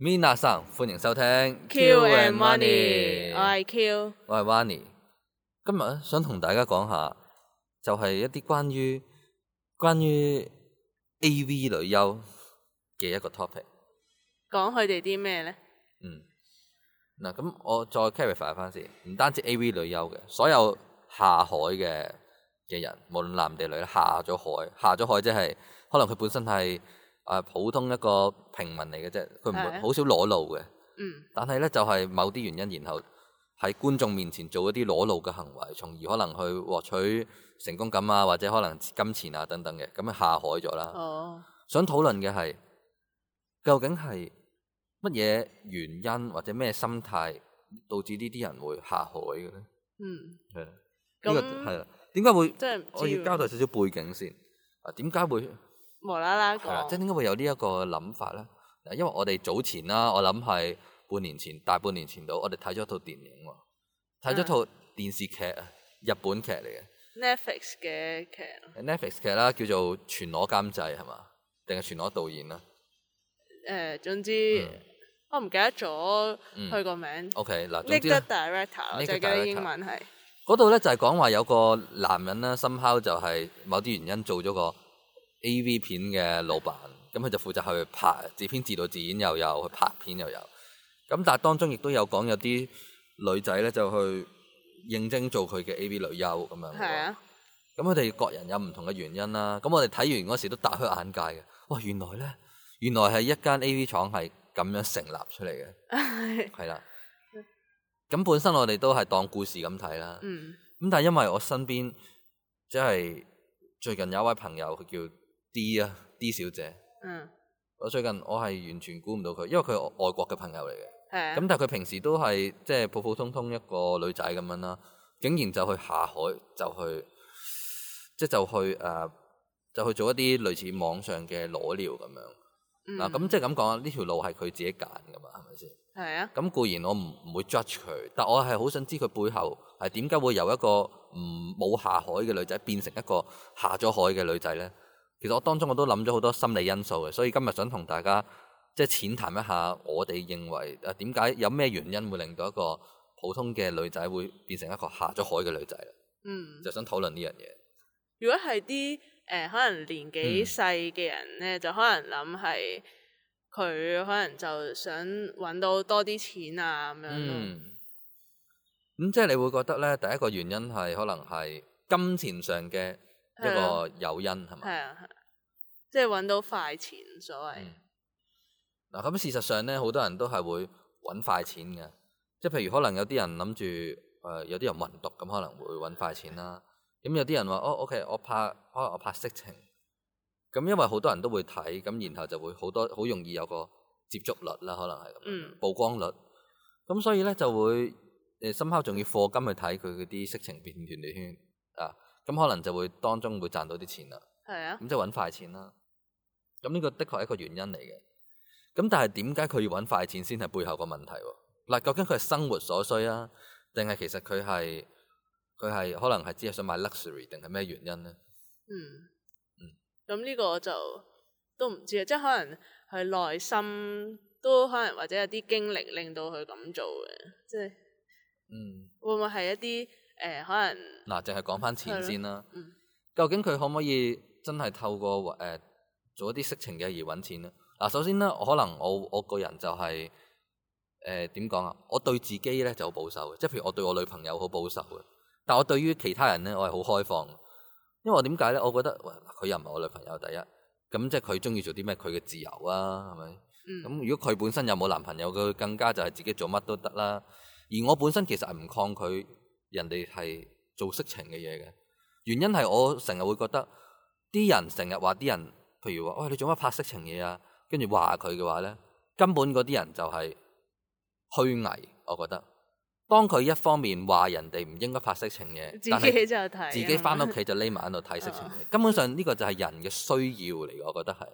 Minasan，歡迎收聽。Q and Wanney。我係 Q，我係 Wanney。今日想同大家講下，就係一啲關於關於 A V 女優嘅一個 topic。講佢哋啲咩咧？嗯，嗱咁我再 clarify 翻先，唔單止 A V 女優嘅，所有下海嘅嘅人，無論男定女，下咗海，下咗海即係可能佢本身係。啊，普通一個平民嚟嘅啫，佢唔會好少裸露嘅，但係咧就係、是、某啲原因，然後喺觀眾面前做一啲裸露嘅行為，從而可能去獲取成功感啊，或者可能金錢啊等等嘅，咁下海咗啦。哦，想討論嘅係究竟係乜嘢原因或者咩心態導致呢啲人會下海嘅咧？嗯，係、這、啦、個，咁係啦，點解會？即係我要交代少少背景先啊，點解會？無啦啦講，即係點解會有這想呢一個諗法咧？因為我哋早前啦，我諗係半年前、大半年前到，我哋睇咗一套電影，睇咗套電視劇啊、嗯，日本劇嚟嘅。Netflix 嘅劇。Netflix 劇啦，叫做《全裸監製》係嘛？定係《全裸導演》咧？誒，總之、嗯、我唔記得咗佢個名。O K，嗱，okay, 總之咧，director，最緊要英文係。嗰度咧就係講話有個男人啦，somehow 就係某啲原因做咗個。A.V. 片嘅老闆，咁佢就負責去拍自編自導自演又有去拍片又有，咁但係當中亦都有講有啲女仔咧就去應徵做佢嘅 A.V. 女優咁樣。係啊，咁佢哋各人有唔同嘅原因啦。咁我哋睇完嗰時都大開眼界嘅。哇、哦，原來咧，原來係一間 A.V. 廠係咁樣成立出嚟嘅。係。 係啦。咁本身我哋都係當故事咁睇啦。嗯。咁但係因為我身邊即係、就是、最近有一位朋友，佢叫。D 啊，D 小姐，嗯，我最近我係完全估唔到佢，因為佢係外國嘅朋友嚟嘅，係咁、啊、但係佢平時都係即係普普通通一個女仔咁樣啦，竟然就去下海，就去，即係就去誒、呃，就去做一啲類似網上嘅裸聊咁樣，嗱、嗯、咁、啊、即係咁講，呢條路係佢自己揀噶嘛，係咪先？係啊，咁固然我唔唔會 judge 佢，但我係好想知佢背後係點解會由一個唔冇下海嘅女仔變成一個下咗海嘅女仔咧。其實我當中我都諗咗好多心理因素嘅，所以今日想同大家即係淺談一下，我哋認為誒點解有咩原因會令到一個普通嘅女仔會變成一個下咗海嘅女仔啦？嗯，就想討論呢樣嘢。如果係啲誒可能年紀細嘅人咧，嗯，就可能諗係佢可能就想揾到多啲錢啊咁，嗯，樣咁，嗯，即係你會覺得咧，第一個原因係可能係金錢上嘅。一個誘因係嘛？係啊，即係揾到快錢所謂。嗱、嗯、咁事實上咧，好多人都係會揾快錢嘅，即係譬如可能有啲人諗住誒，有啲人文毒咁可能會揾快錢啦。咁有啲人話：哦，OK，我拍，可能我拍色情。咁因為好多人都會睇，咁然後就會好多好容易有個接觸率啦，可能係咁、嗯。曝光率，咁所以咧就會誒、呃，深刻仲要課金去睇佢嗰啲色情片團隊圈啊。咁可能就會當中會賺到啲錢啦，係啊，咁即係揾快錢啦。咁呢個的確係一個原因嚟嘅。咁但係點解佢要揾快錢先係背後個問題？嗱，究竟佢係生活所需啊，定係其實佢係佢係可能係只係想買 luxury 定係咩原因咧？嗯，嗯，咁呢個我就都唔知啊，即係可能係內心都可能或者有啲經歷令到佢咁做嘅，即係、嗯，會唔會係一啲？誒可能嗱，就係講翻錢先啦、嗯。究竟佢可唔可以真係透過誒、呃、做一啲色情嘅嘢揾錢咧？嗱、啊，首先咧，可能我我個人就係誒點講啊？我對自己咧就好保守嘅，即係譬如我對我女朋友好保守嘅，但我對於其他人咧，我係好開放嘅。因為我點解咧？我覺得佢、呃、又唔係我女朋友，第一咁即係佢中意做啲咩，佢嘅自由啊，係咪？咁、嗯、如果佢本身又冇男朋友，佢更加就係自己做乜都得啦。而我本身其實係唔抗拒。人哋係做色情嘅嘢嘅，原因係我成日會覺得啲人成日話啲人比說，譬如話：喂，你做乜拍色情嘢啊？跟住話佢嘅話咧，根本嗰啲人就係虛偽。我覺得，當佢一方面話人哋唔應該拍色情嘢，自己就睇，自己翻屋企就匿埋喺度睇色情嘢、哦。根本上呢個就係人嘅需要嚟，我覺得係，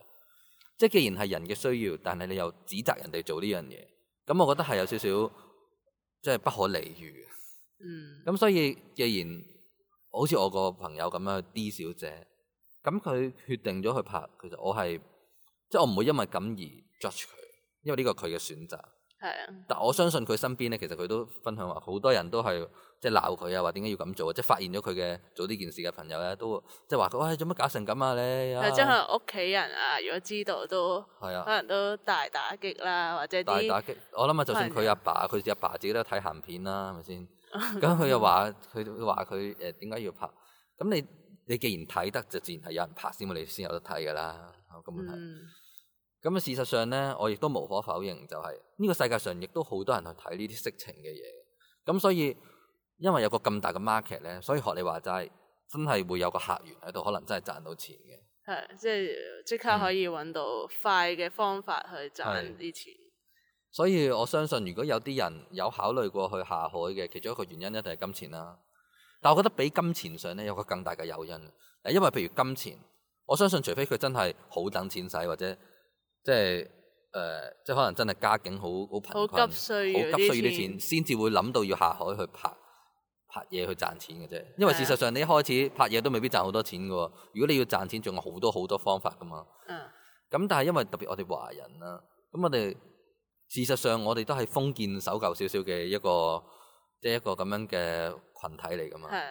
即係既然係人嘅需要，但係你又指責人哋做呢樣嘢，咁我覺得係有少少即係不可理喻。嗯，咁所以既然好似我個朋友咁樣 D 小姐，咁佢決定咗去拍，其實我係即係我唔會因為咁而 judge 佢，因為呢個佢嘅選擇係啊，但我相信佢身邊咧，其實佢都分享話好多人都係即係鬧佢啊，或者點解要咁做，即係發現咗佢嘅做呢件事嘅朋友咧，都即係話佢，喂，做乜搞成咁啊咧，即係屋企人啊，如果知道都係啊，可能都大打擊啦，或者大打擊，我諗啊，就算佢阿爸，佢阿爸自己都睇鹹片啦，係咪先？咁佢又話，佢佢話佢誒點解要拍？咁你你既然睇得到，就自然係有人拍先，咪你先有得睇㗎啦。咁咁啊，嗯、事實上咧，我亦都無可否認，就是，就係呢個世界上亦都好多人去睇呢啲色情嘅嘢。咁所以因為有個咁大嘅 market 咧，所以學你話齋，真係會有個客源喺度，可能真係賺到錢嘅。係，即係即刻可以揾到快嘅方法去賺啲錢。嗯。所以我相信，如果有啲人有考慮過去下海嘅，其中一個原因一定係金錢啦。但我覺得比金錢上咧有個更大嘅誘因，誒，因為譬如金錢，我相信除非佢真係好等錢使，或者即係誒，即係、呃、可能真係家境好好貧困，好急需好急需要啲錢，先至會諗到要下海去拍拍嘢去賺錢嘅啫。因為事實上你一開始拍嘢都未必賺好多錢㗎喎。如果你要賺錢，仲有好多好多方法噶嘛。嗯。咁但係因為特別我哋華人啦，咁我哋。事實上，我哋都係封建守舊少少嘅一個，即係一個咁樣嘅群體嚟噶嘛。係，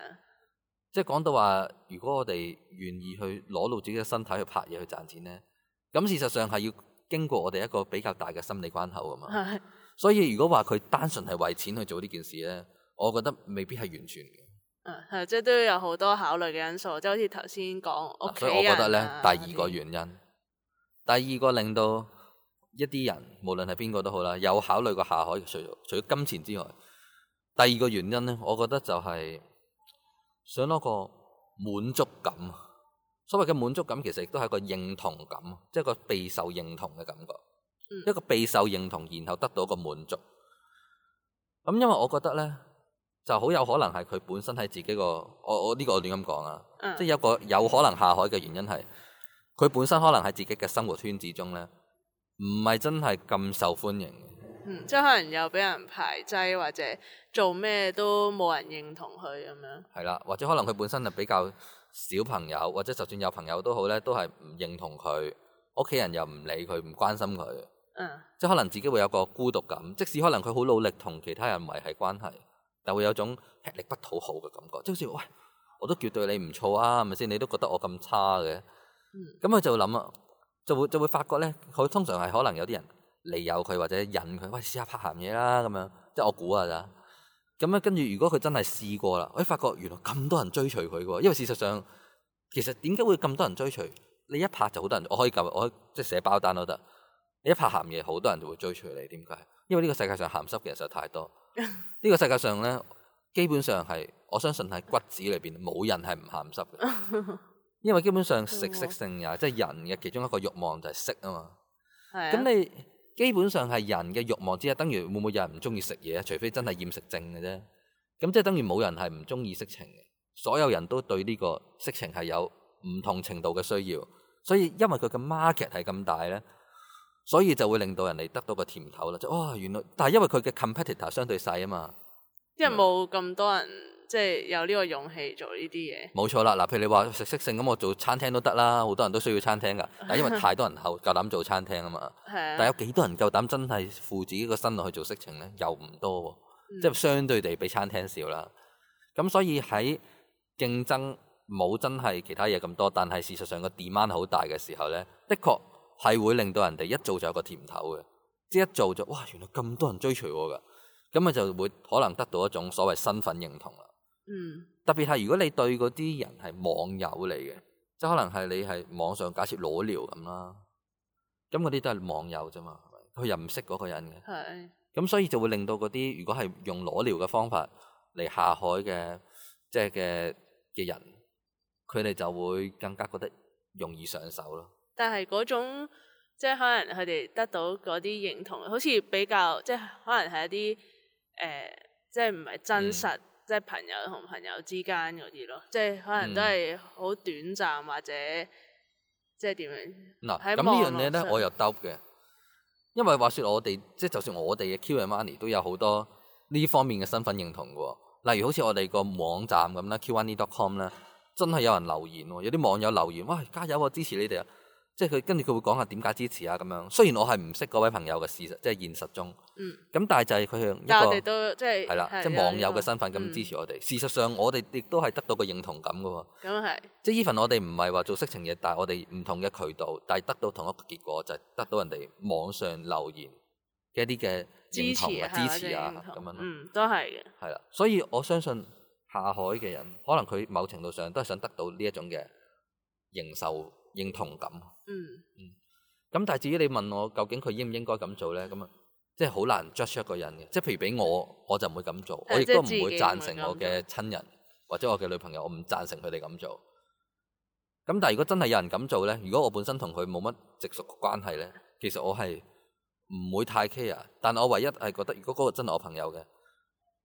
即係講到話，如果我哋願意去攞到自己嘅身體去拍嘢去賺錢咧，咁事實上係要經過我哋一個比較大嘅心理關口噶嘛。所以如果話佢單純係為錢去做呢件事咧，我覺得未必係完全嘅。誒係，即係都有好多考慮嘅因素，即係好似頭先講。所以，我覺得咧，啊，第二個原因，第二個令到。一啲人，無論係邊個都好啦，有考慮過下海。除咗除咗金錢之外，第二個原因呢，我覺得就係想攞個滿足感。所謂嘅滿足感，其實亦都係一個認同感，即係個備受認同嘅感覺、嗯。一個備受認同，然後得到個滿足。咁、嗯、因為我覺得呢，就好有可能係佢本身喺自己個，我我呢、呢個我亂咁講啊，嗯、即係有個有可能下海嘅原因係佢本身可能喺自己嘅生活圈子中呢。唔係真係咁受歡迎，即、嗯、係可能又俾人排擠，或者做咩都冇人認同佢咁樣。係啦，或者可能佢本身就比較少朋友，或者就算有朋友好都好呢都係唔認同佢，屋企人又唔理佢，唔關心佢、嗯。即係可能自己會有個孤獨感，即使可能佢好努力同其他人維繫關係，但會有種吃力不討好嘅感覺，即好似喂，我都叫對你唔錯啊，係咪先？你都覺得我咁差嘅，咁、嗯、佢就諗啊。就會就會發覺咧，佢通常係可能有啲人利誘佢，或者引佢，喂，試下拍咸嘢啦咁樣，即係我估下咋？咁樣跟住如果佢真係試過啦，我發覺原來咁多人追隨佢嘅，因為事實上其實點解會咁多人追隨？你一拍就好多人，我可以撳我，以我以即係寫包單都得。你一拍咸嘢，好多人就會追隨你，點解？因為呢個世界上咸濕嘅人實在太多。呢 個世界上咧，基本上係我相信喺骨子裏邊冇人係唔咸濕嘅。因為基本上食色性也，即、就、係、是、人嘅其中一個欲望就係色啊嘛。咁、啊、你基本上係人嘅欲望之一，等於會唔會有人唔中意食嘢？除非真係厭食症嘅啫。咁即係等於冇人係唔中意色情嘅，所有人都對呢個色情係有唔同程度嘅需要。所以因為佢嘅 market 係咁大咧，所以就會令到人哋得到個甜頭啦。就哇、哦，原來，但係因為佢嘅 competitor 相對細啊嘛，因為冇咁多人。即係有呢個勇氣做呢啲嘢，冇錯啦。嗱，譬如你話食色性咁，我做餐廳都得啦。好多人都需要餐廳㗎，但因為太多人後夠膽做餐廳啊嘛。 但有幾多人夠膽真係付自己個身落去做色情呢？又唔多，嗯，即係相對地比餐廳少啦。咁所以喺競爭冇真係其他嘢咁多，但係事實上個 demand 好大嘅時候呢，的確係會令到人哋一做就有一個甜頭嘅。即一做就哇，原來咁多人追隨我㗎，咁咪就會可能得到一種所謂身份認同啦。嗯，特別係如果你對嗰啲人係網友嚟嘅，即係可能係你係網上假設裸聊咁啦，咁嗰啲都係網友啫嘛，佢又唔識嗰個人嘅。係，咁所以就會令到嗰啲如果係用裸聊嘅方法嚟下海嘅，即係嘅嘅人，佢哋就會更加覺得容易上手咯。但係嗰種即係可能佢哋得到嗰啲認同，好似比較即係可能係一啲誒、呃，即係唔係真實。嗯即係朋友同朋友之間嗰啲咯，即係可能都係好短暫、嗯、或者即係點樣？嗱，咁呢樣嘢咧，我又 d 嘅，因為話說我哋即係就算我哋嘅 Q and Money 都有好多呢方面嘅身份認同嘅，例如好似我哋個網站咁啦，Q and Money dot com 啦，真係有人留言，有啲網友留言，喂、哎，加油啊，支持你哋啊！即係佢跟住佢會講下點解支持啊咁樣。雖然我係唔識嗰位朋友嘅事實，即係現實中。嗯。咁但係就係佢向一個，我哋都即係係啦，即係網友嘅身份咁支持我哋、嗯。事實上，我哋亦都係得到個認同感噶。咁、嗯、係。即係 even 我哋唔係話做色情嘢，但係我哋唔同嘅渠道，但係得到同一個結果，就係得到人哋網上留言嘅一啲嘅認同呀、支持啊。咁樣，嗯，都係嘅。係啦，所以我相信下海嘅人，可能佢某程度上都係想得到呢一種嘅，認受。認同感。嗯嗯。咁但係至於你問我究竟佢應唔應該咁做咧？咁啊，即係好難 judge 一個人嘅。即係譬如俾我，我就唔會咁做，嗯、我亦都唔會贊成我嘅親人、嗯、或者我嘅女朋友，嗯、我唔贊成佢哋咁做。咁但係如果真係有人咁做咧，如果我本身同佢冇乜直屬嘅關係咧，其實我係唔會太 care。但係我唯一係覺得，如果嗰個真係我朋友嘅，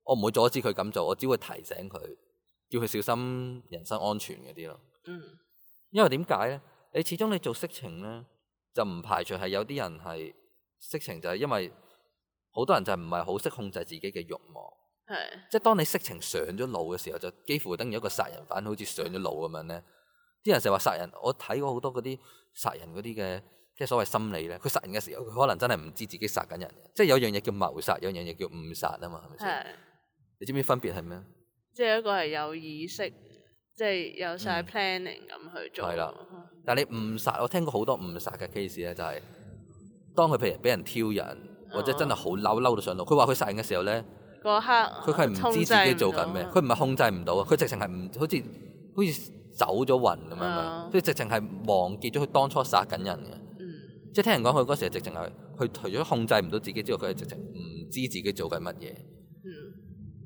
我唔會阻止佢咁做，我只會提醒佢，叫佢小心人身安全嗰啲咯。嗯。因為點解咧？你始終你做色情咧，就唔排除係有啲人係色情，就係因為好多人就係唔係好識控制自己嘅慾望。係。即係當你色情上咗腦嘅時候，就幾乎等於一個殺人犯，好似上咗腦咁樣咧。啲人成日話殺人，我睇過好多嗰啲殺人嗰啲嘅，即係所謂心理咧。佢殺人嘅時候，佢可能真係唔知自己殺緊人。即係有樣嘢叫謀殺，有樣嘢叫誤殺啊嘛。係咪先？係。你知唔知分別係咩？即係一個係有意識。嗯即係有晒 planning 咁去做、嗯、係啦，但係你誤殺，我聽過好多誤殺嘅 case 咧，就係、是、當佢譬如俾人挑釁，或者真係好嬲嬲到上腦，佢話佢殺人嘅時候咧，嗰刻佢係唔知自己做緊咩，佢唔係控制唔到，佢直情係唔好似好似走咗魂咁樣樣，所、哦、以直情係忘記咗佢當初殺緊人嘅、嗯，即係聽人講佢嗰時係直情係佢除咗控制唔到自己之外，佢係直情唔知自己做緊乜嘢。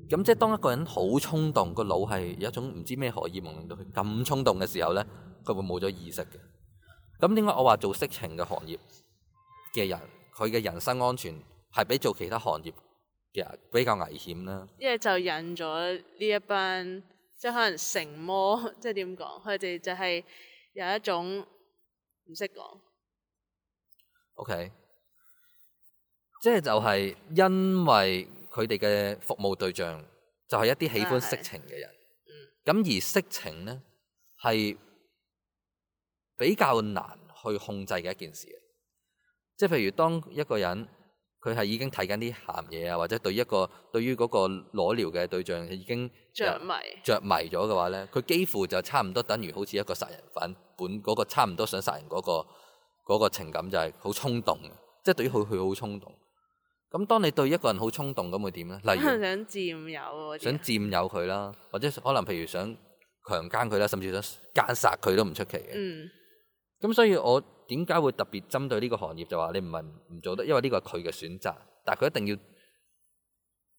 咁即係當一個人好衝動，個腦係有一種唔知咩荷爾蒙令到佢咁衝動嘅時候咧，佢會冇咗意識嘅。咁點解我話做色情嘅行業嘅人，佢嘅人身安全係比做其他行業嘅人比較危險咧？因為就引咗呢一班，即係可能成魔，即係點講？佢哋就係有一種唔識講。OK，即係就係因為。佢哋嘅服務對象就係一啲喜歡色情嘅人，咁、嗯、而色情呢係比較難去控制嘅一件事。即係譬如當一個人佢係已經睇緊啲鹹嘢啊，或者對於一個對於嗰個裸聊嘅對象已經着迷着迷咗嘅話呢，佢幾乎就差唔多等於好似一個殺人犯，本、那、嗰個差唔多想殺人嗰、那個嗰、那個情感就係好衝動，即係對於佢佢好衝動。咁當你對一個人好衝動，咁會點呢？例如想佔有，想佔有佢啦，或者可能譬如想強姦佢啦，甚至想奸殺佢都唔出奇嘅。咁、嗯、所以我點解會特別針對呢個行業就話你唔係唔做得，因為呢個係佢嘅選擇，但係佢一定要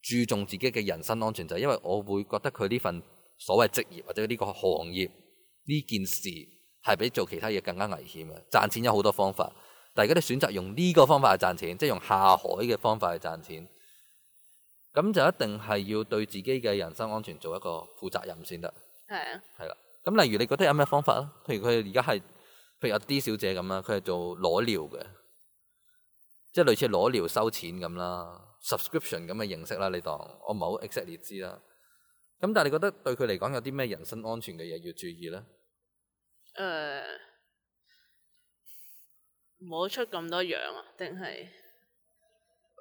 注重自己嘅人身安全，就係、是、因為我會覺得佢呢份所謂職業或者呢個行業呢件事係比做其他嘢更加危險嘅。賺錢有好多方法。大家都選擇用呢個方法去賺錢，即係用下海嘅方法去賺錢。咁就一定係要對自己嘅人身安全做一個負責任先得。係啊，係啦。咁例如你覺得有咩方法啊？譬如佢而家係，譬如阿 D 小姐咁啦，佢係做裸聊嘅，即係類似裸聊收錢咁啦，subscription 咁嘅形式啦。你當我唔好 exactly 知啦。咁但係你覺得對佢嚟講有啲咩人身安全嘅嘢要注意咧？誒。冇出咁多樣啊？定係？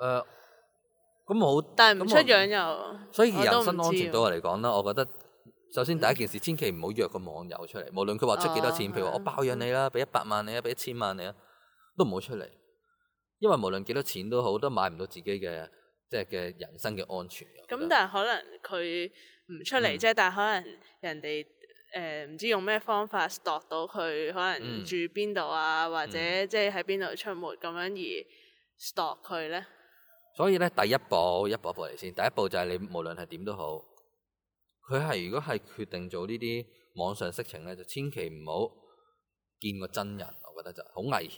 誒，咁冇，但係唔出樣又，所以，以人身安全對我嚟講啦，我覺得首先第一件事，嗯、千祈唔好約個網友出嚟，無論佢話出幾多錢，哦，譬如話我包養你啦，俾、嗯、一百萬你啊，俾一千萬你啊，都唔好出嚟，因為無論幾多錢都好，都買唔到自己嘅即係嘅人身嘅安全。咁、嗯、但係可能佢唔出嚟啫，但係可能人哋。誒、呃、唔知用咩方法 store 到佢，可能住邊度啊、嗯，或者即係喺邊度出沒咁、嗯、樣而 store 佢咧？所以咧，第一步一步一步嚟先。第一步就係你無論係點都好，佢係如果係決定做呢啲網上色情咧，就千祈唔好見個真人，我覺得就好危險。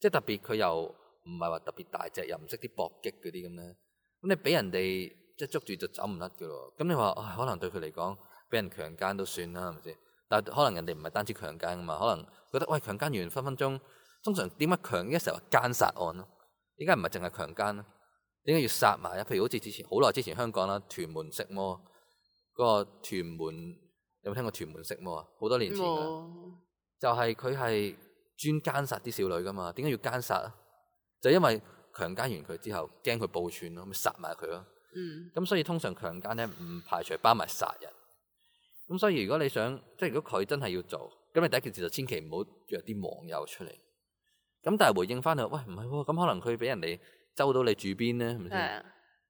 即、就、係、是、特別佢又唔係話特別大隻，又唔識啲搏擊嗰啲咁咧。咁你俾人哋即係捉住就走唔甩嘅咯。咁你話可能對佢嚟講？俾人強奸都算啦，係咪先？但可能人哋唔係單止強奸㗎嘛，可能覺得喂，強奸完分分鐘，通常點解強一成奸殺案咯？點解唔係淨係強奸咧？點解要殺埋啊？譬如好似之前好耐之前香港啦，屯門色魔，嗰個屯門有冇聽過屯門色魔啊？好多年前啦，就係佢係專奸殺啲少女㗎嘛。點解要奸殺啊？就因為強奸完佢之後，驚佢報串咯，咁咪殺埋佢咯。嗯，咁所以通常強奸咧唔排除包埋殺人。咁所以如果你想，即係如果佢真係要做，咁你第一件事就千祈唔好約啲網友出嚟。咁但係回應翻佢，喂唔係，咁、啊、可能佢俾人哋周到你住邊咧，係咪先？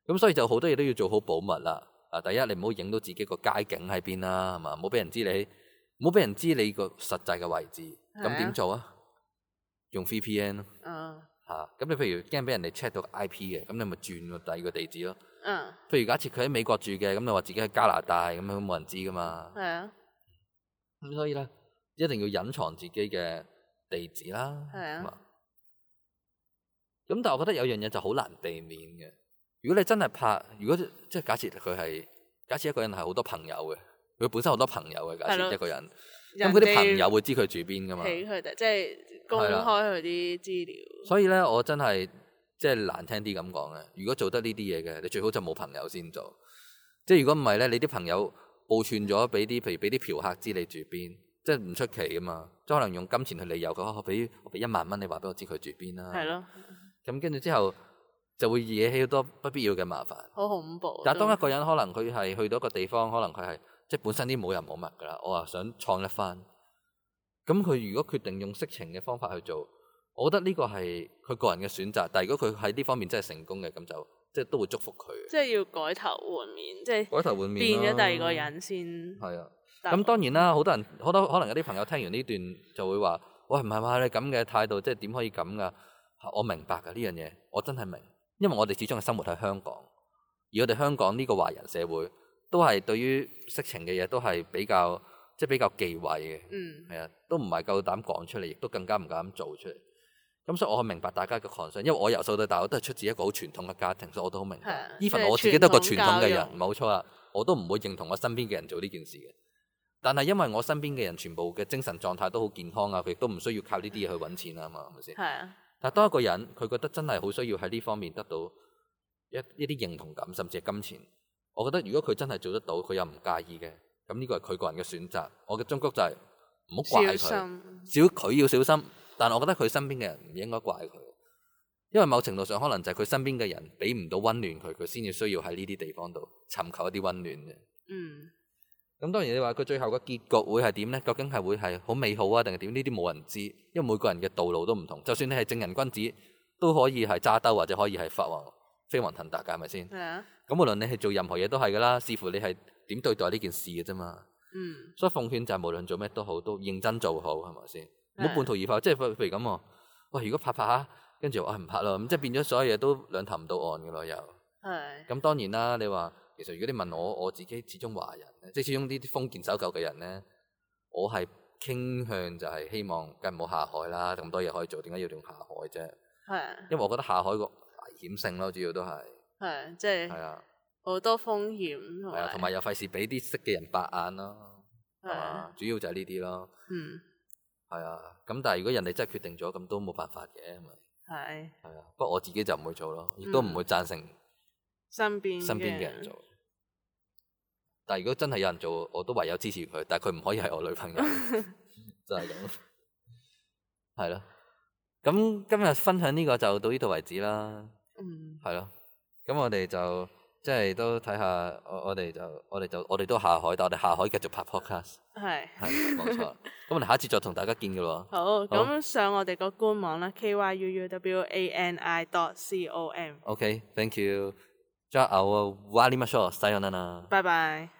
咁所以就好多嘢都要做好保密啦。啊，第一你唔好影到自己個街景喺邊啦，係嘛，唔好俾人知道你，唔好俾人知你個實際嘅位置。咁點做啊？用 VPN 咯，嗯。啊，咁你譬如驚俾人哋 check 到 IP 嘅，咁你咪轉個第二個地址咯。嗯，譬如假設佢喺美國住嘅，咁你話自己喺加拿大，咁樣冇人知㗎嘛？係啊，咁所以咧，一定要隱藏自己嘅地址啦。係啊，咁但係我覺得有樣嘢就好難避免嘅。如果你真係拍，如果即係假設佢係假設一個人係好多朋友嘅，佢本身好多朋友嘅假設一個人，咁佢啲朋友會知佢住邊㗎嘛？俾佢哋即係公開佢啲資料。所以咧，我真係。即係難聽啲咁講啊！如果做得呢啲嘢嘅，你最好就冇朋友先做。即係如果唔係咧，你啲朋友報串咗，俾啲譬如俾啲嫖客知你住邊，即係唔出奇噶嘛。即係可能用金錢去利誘佢，我俾我俾一萬蚊，你話俾我知佢住邊啦。係咯。咁跟住之後就會惹起好多不必要嘅麻煩。好恐怖。但係當一個人可能佢係去到一個地方，可能佢係即係本身啲冇人冇物㗎啦。我話想創一翻。咁佢如果決定用色情嘅方法去做。我覺得呢個係佢個人嘅選擇，但係如果佢喺呢方面真係成功嘅，咁就即係都會祝福佢。即係要改頭換面，即係改頭換面、啊、變咗第二個人先。係啊，咁當然啦，好多人好多可能有啲朋友聽完呢段、哎、就會話：喂、哎，唔係話你咁嘅態度，即係點可以咁噶？我明白嘅呢樣嘢，我真係明，因為我哋始終係生活喺香港，而我哋香港呢個華人社會都係對於色情嘅嘢都係比較即係比較忌諱嘅。嗯，係啊，都唔係夠膽講出嚟，亦都更加唔夠膽做出嚟。咁所以，我明白大家嘅 concern，因為我由細到大，我都係出自一個好傳統嘅家庭，所以我都好明白。even 我自己都係個傳統嘅人，冇錯啊，我都唔會認同我身邊嘅人做呢件事嘅。但係因為我身邊嘅人全部嘅精神狀態都好健康啊，佢亦都唔需要靠呢啲嘢去搵錢啊嘛，係咪先？但係當一個人佢覺得真係好需要喺呢方面得到一啲認同感，甚至係金錢，我覺得如果佢真係做得到，佢又唔介意嘅，咁呢個係佢個人嘅選擇。我嘅忠告就係唔好怪佢，小佢要小心。.但係，我覺得佢身邊嘅人唔應該怪佢，因為某程度上可能就係佢身邊嘅人俾唔到溫暖佢，佢先至需要喺呢啲地方度尋求一啲溫暖嘅。嗯。咁當然你話佢最後嘅結局會係點呢？究竟係會係好美好啊，定係點？呢啲冇人知道，因為每個人嘅道路都唔同。就算你係正人君子，都可以係揸兜，或者可以係發王飛黃騰達嘅，係咪先？係啊。咁無論你係做任何嘢都係噶啦，視乎你係點對待呢件事嘅啫嘛。嗯。所以奉勸就係無論做咩都好，都認真做好係咪先？是不是？唔好半途而廢，即係譬如咁喎。喂，如果拍拍下，跟住我唔拍咯，咁即係變咗所有嘢都兩頭唔到岸嘅咯，又。係。咁當然啦，你話其實如果你問我我自己始終華人，始終華人即係始終啲封建守舊嘅人咧，我係傾向就係希望梗唔好下海啦，咁多嘢可以做，點解要用下海啫？係。因為我覺得下海個危險性咯，主要都係。係，即係。係啊。好多風險同。係啊，同埋、啊啊、又費事俾啲識嘅人白眼咯。係啊，啊，啊。主要就係呢啲咯。嗯。係啊，咁但係如果人哋真係決定咗，咁都冇辦法嘅，係咪？係啊，不過我自己就唔會做咯，亦都唔會贊成身邊身邊嘅人做。嗯、人但係如果真係有人做，我都唯有支持佢，但係佢唔可以係我女朋友， 就係咁這，係 咯、啊。咁今日分享呢個就到呢度為止啦，係、嗯、咯、咁、啊、我哋就。即係都睇下，我我哋就我哋就我哋都下海，但係我哋下海繼續拍 podcast。係係冇錯，咁我哋下一次再同大家見嘅咯。好，咁上我哋個官網啦，k y u u w a n i dot c o m。OK，thank you。將我瓦尼馬少，三一嗱嗱。拜拜。